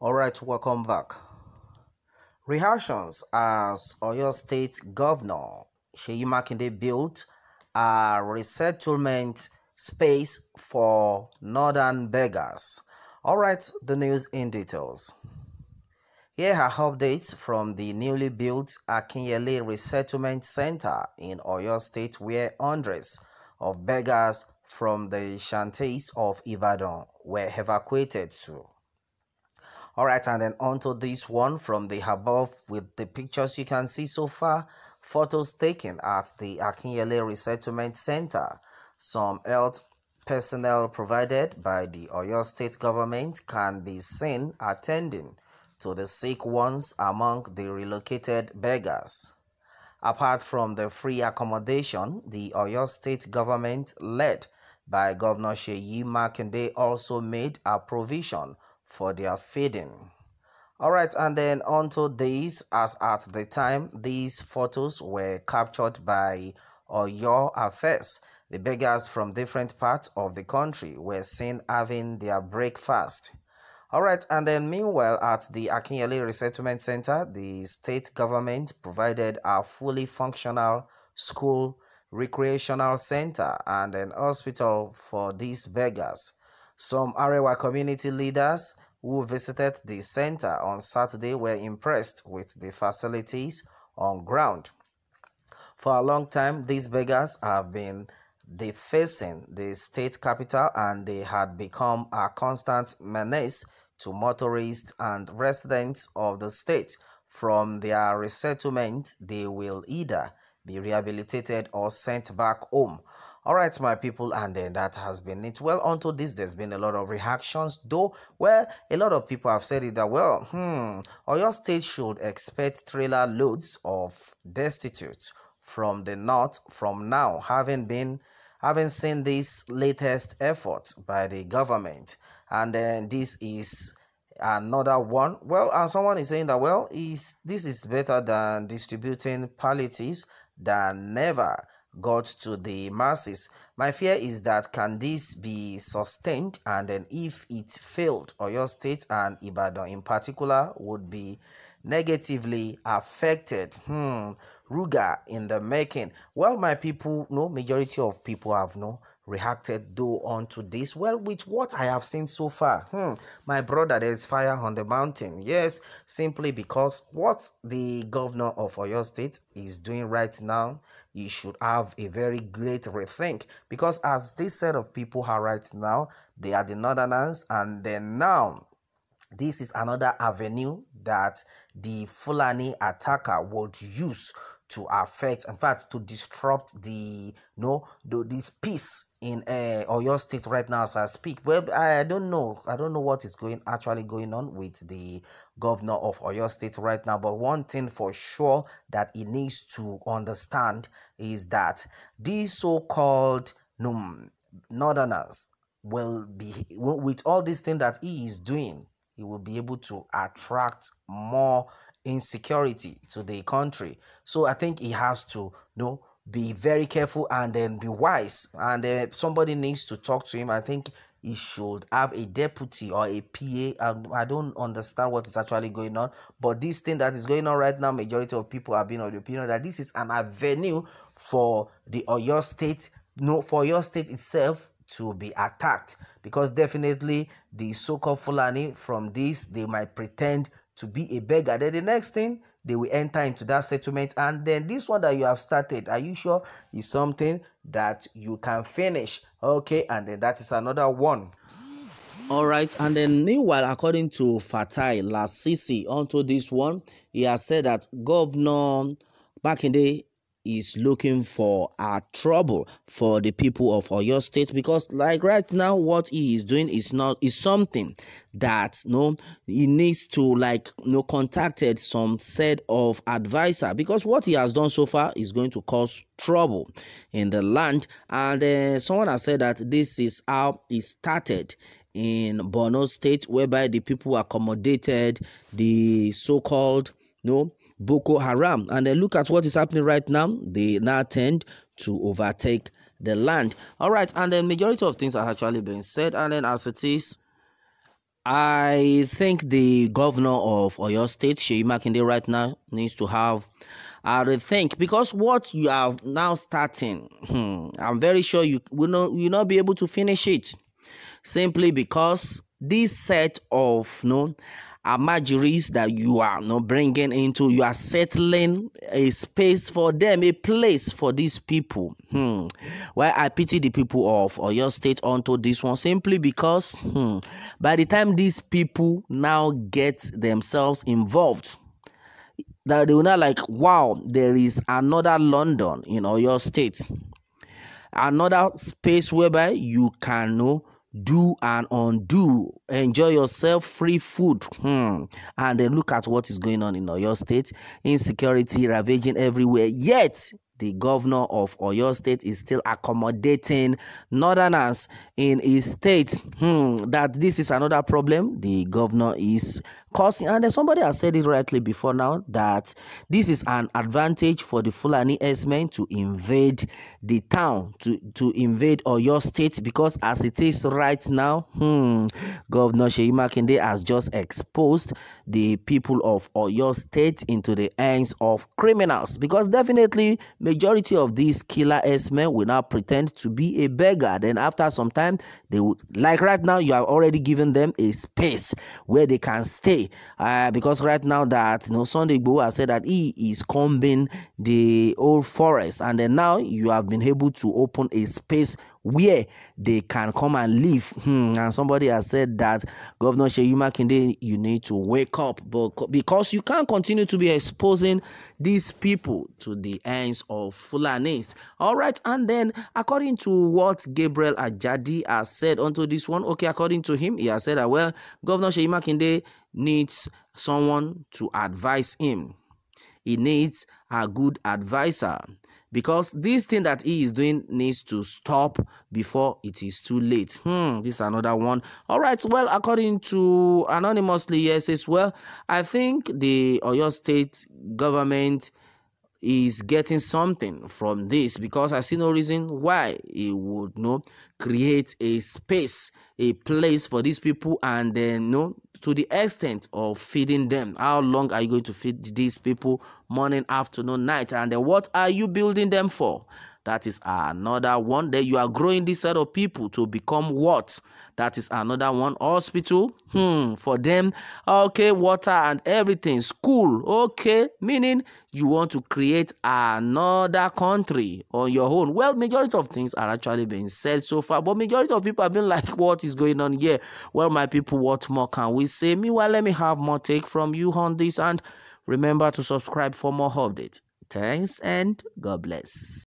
All right, welcome back. Reactions as Oyo State Governor Sheyi Makinde built a resettlement space for northern beggars. All right, the news in details. Here are updates from the newly built Akinyele Resettlement Center in Oyo State where hundreds of beggars from the shanties of Ibadan were evacuated to. Alright, and then onto this one from the above with the pictures you can see so far. Photos taken at the Akinyele Resettlement Center. Some health personnel provided by the Oyo State government can be seen attending to the sick ones among the relocated beggars. Apart from the free accommodation, the Oyo state government, led by Governor Sheyi they also made a provision for their feeding. All right, and then onto these, as at the time these photos were captured by Oyo Affairs, the beggars from different parts of the country were seen having their breakfast. All right, and then meanwhile, at the Akinyele Resettlement Center, the state government provided a fully functional school recreational center and an hospital for these beggars. Some Arewa community leaders who visited the center on Saturday were impressed with the facilities on ground. For a long time, these beggars have been defacing the state capital and they had become a constant menace to motorists and residents of the state from their resettlement, they will either be rehabilitated or sent back home. All right, my people, and then that has been it. Well, onto this, there's been a lot of reactions, though. Well, a lot of people have said it that, well, hmm, Oyo State should expect trailer loads of destitutes from the north from now, having been having seen this latest effort by the government, and then this is another one. Well, and someone is saying that, well, is this is better than distributing palliatives than never got to the masses. My fear is that can this be sustained and then if it failed, Oyo State and Ibadan in particular would be negatively affected. Hmm. Ruga in the making. Well, my people, no majority of people have no reacted though onto this. Well, with what I have seen so far, hmm, my brother, there is fire on the mountain. Yes, simply because what the governor of Oyo State is doing right now, he should have a very great rethink because as this set of people are right now, they are the Northerners, and then now this is another avenue that the Fulani attacker would use to affect, in fact, to disrupt the you no know, this peace in uh, Oyo State right now as I speak. Well, I don't know. I don't know what is going actually going on with the governor of Oyo State right now. But one thing for sure that he needs to understand is that these so-called num northerners will be with all these things that he is doing. He will be able to attract more insecurity to the country. So I think he has to you know be very careful and then be wise. And uh, somebody needs to talk to him. I think he should have a deputy or a PA. I, um, I don't understand what is actually going on, but this thing that is going on right now, majority of people have been of the opinion that this is an avenue for the or your state, no, for your state itself to be attacked because definitely the so-called Fulani from this they might pretend to be a beggar. Then the next thing, they will enter into that settlement. And then this one that you have started, are you sure is something that you can finish? Okay, and then that is another one. All right, and then meanwhile, according to Fatai Lasisi, onto this one, he has said that Governor Bakinde is looking for a trouble for the people of Oyo State because, like right now, what he is doing is not is something that you no know, he needs to like you know contacted some set of advisor because what he has done so far is going to cause trouble in the land and uh, someone has said that this is how it started in Borno State, whereby the people accommodated the so-called you no know, Boko Haram. And then look at what is happening right now. They now tend to overtake the land. All right, and then majority of things are actually being said. And then as it is, I think the governor of Oyo State, Sheyi Makinde, right now needs to have a rethink because what you are now starting, hmm, I'm very sure you will not will not be able to finish it, simply because this set of you no imageries that you are not bringing into. You are settling a space for them, a place for these people. Hmm. Well, I pity the people of or your State onto this one simply because hmm, by the time these people now get themselves involved, that they were not like, wow, there is another London in all your State. Another space whereby you can know do and undo enjoy yourself free food hmm. and then look at what is going on in oyo state insecurity ravaging everywhere yet the governor of Oyo State is still accommodating northerners in his state. Hmm, that this is another problem. The governor is Cause and somebody has said it rightly before now that this is an advantage for the Fulani herdsmen to invade the town, to, to invade or your state because as it is right now, hmm, Governor Sheyi Makinde has just exposed the people of your state into the hands of criminals because definitely majority of these killer herdsmen will now pretend to be a beggar. Then after some time, they would, like right now, you have already given them a space where they can stay uh, because right now that you know Sunday Igboho has said that he is combing the old forest and then now you have been able to open a space where they can come and live. Hmm. And somebody has said that Governor Sheyu Makinde, you need to wake up because you can't continue to be exposing these people to the ends of Fulanis. All right, and then according to what Gabriel Ajadi has said onto this one, okay, according to him, he has said that well, Governor Sheyu Makinde needs someone to advise him. He needs a good advisor because this thing that he is doing needs to stop before it is too late. Hmm, this is another one. All right, well, according to anonymously, yes, as well, I think the Oyo State government is getting something from this because I see no reason why he would you know create a space, a place for these people, and then you know to the extent of feeding them. How long are you going to feed these people? Morning, afternoon, night, and then what are you building them for? That is another one. That you are growing this set of people to become what? That is another one. Hospital, hmm, for them. Okay, water and everything. School, okay, meaning you want to create another country on your own. Well, majority of things are actually being said so far, but majority of people have been like, what is going on here? Well, my people, what more can we say? Meanwhile, let me have more take from you on this and remember to subscribe for more updates. Thanks and God bless.